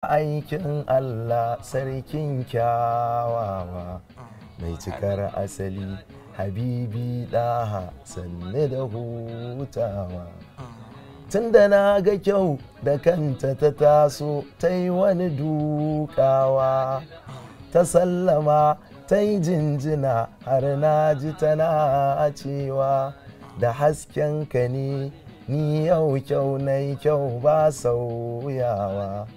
aikin Allah sarkin kyawawa mai cikar asali habibi ɗaha sanne da hutawa tunda na ga kyau da kanta ta taso ta yi wani dukawa ta sallama ta yi jinjina har na ji tana cewa da hasken ka ne ni yau kyau na kyau ba sauyawa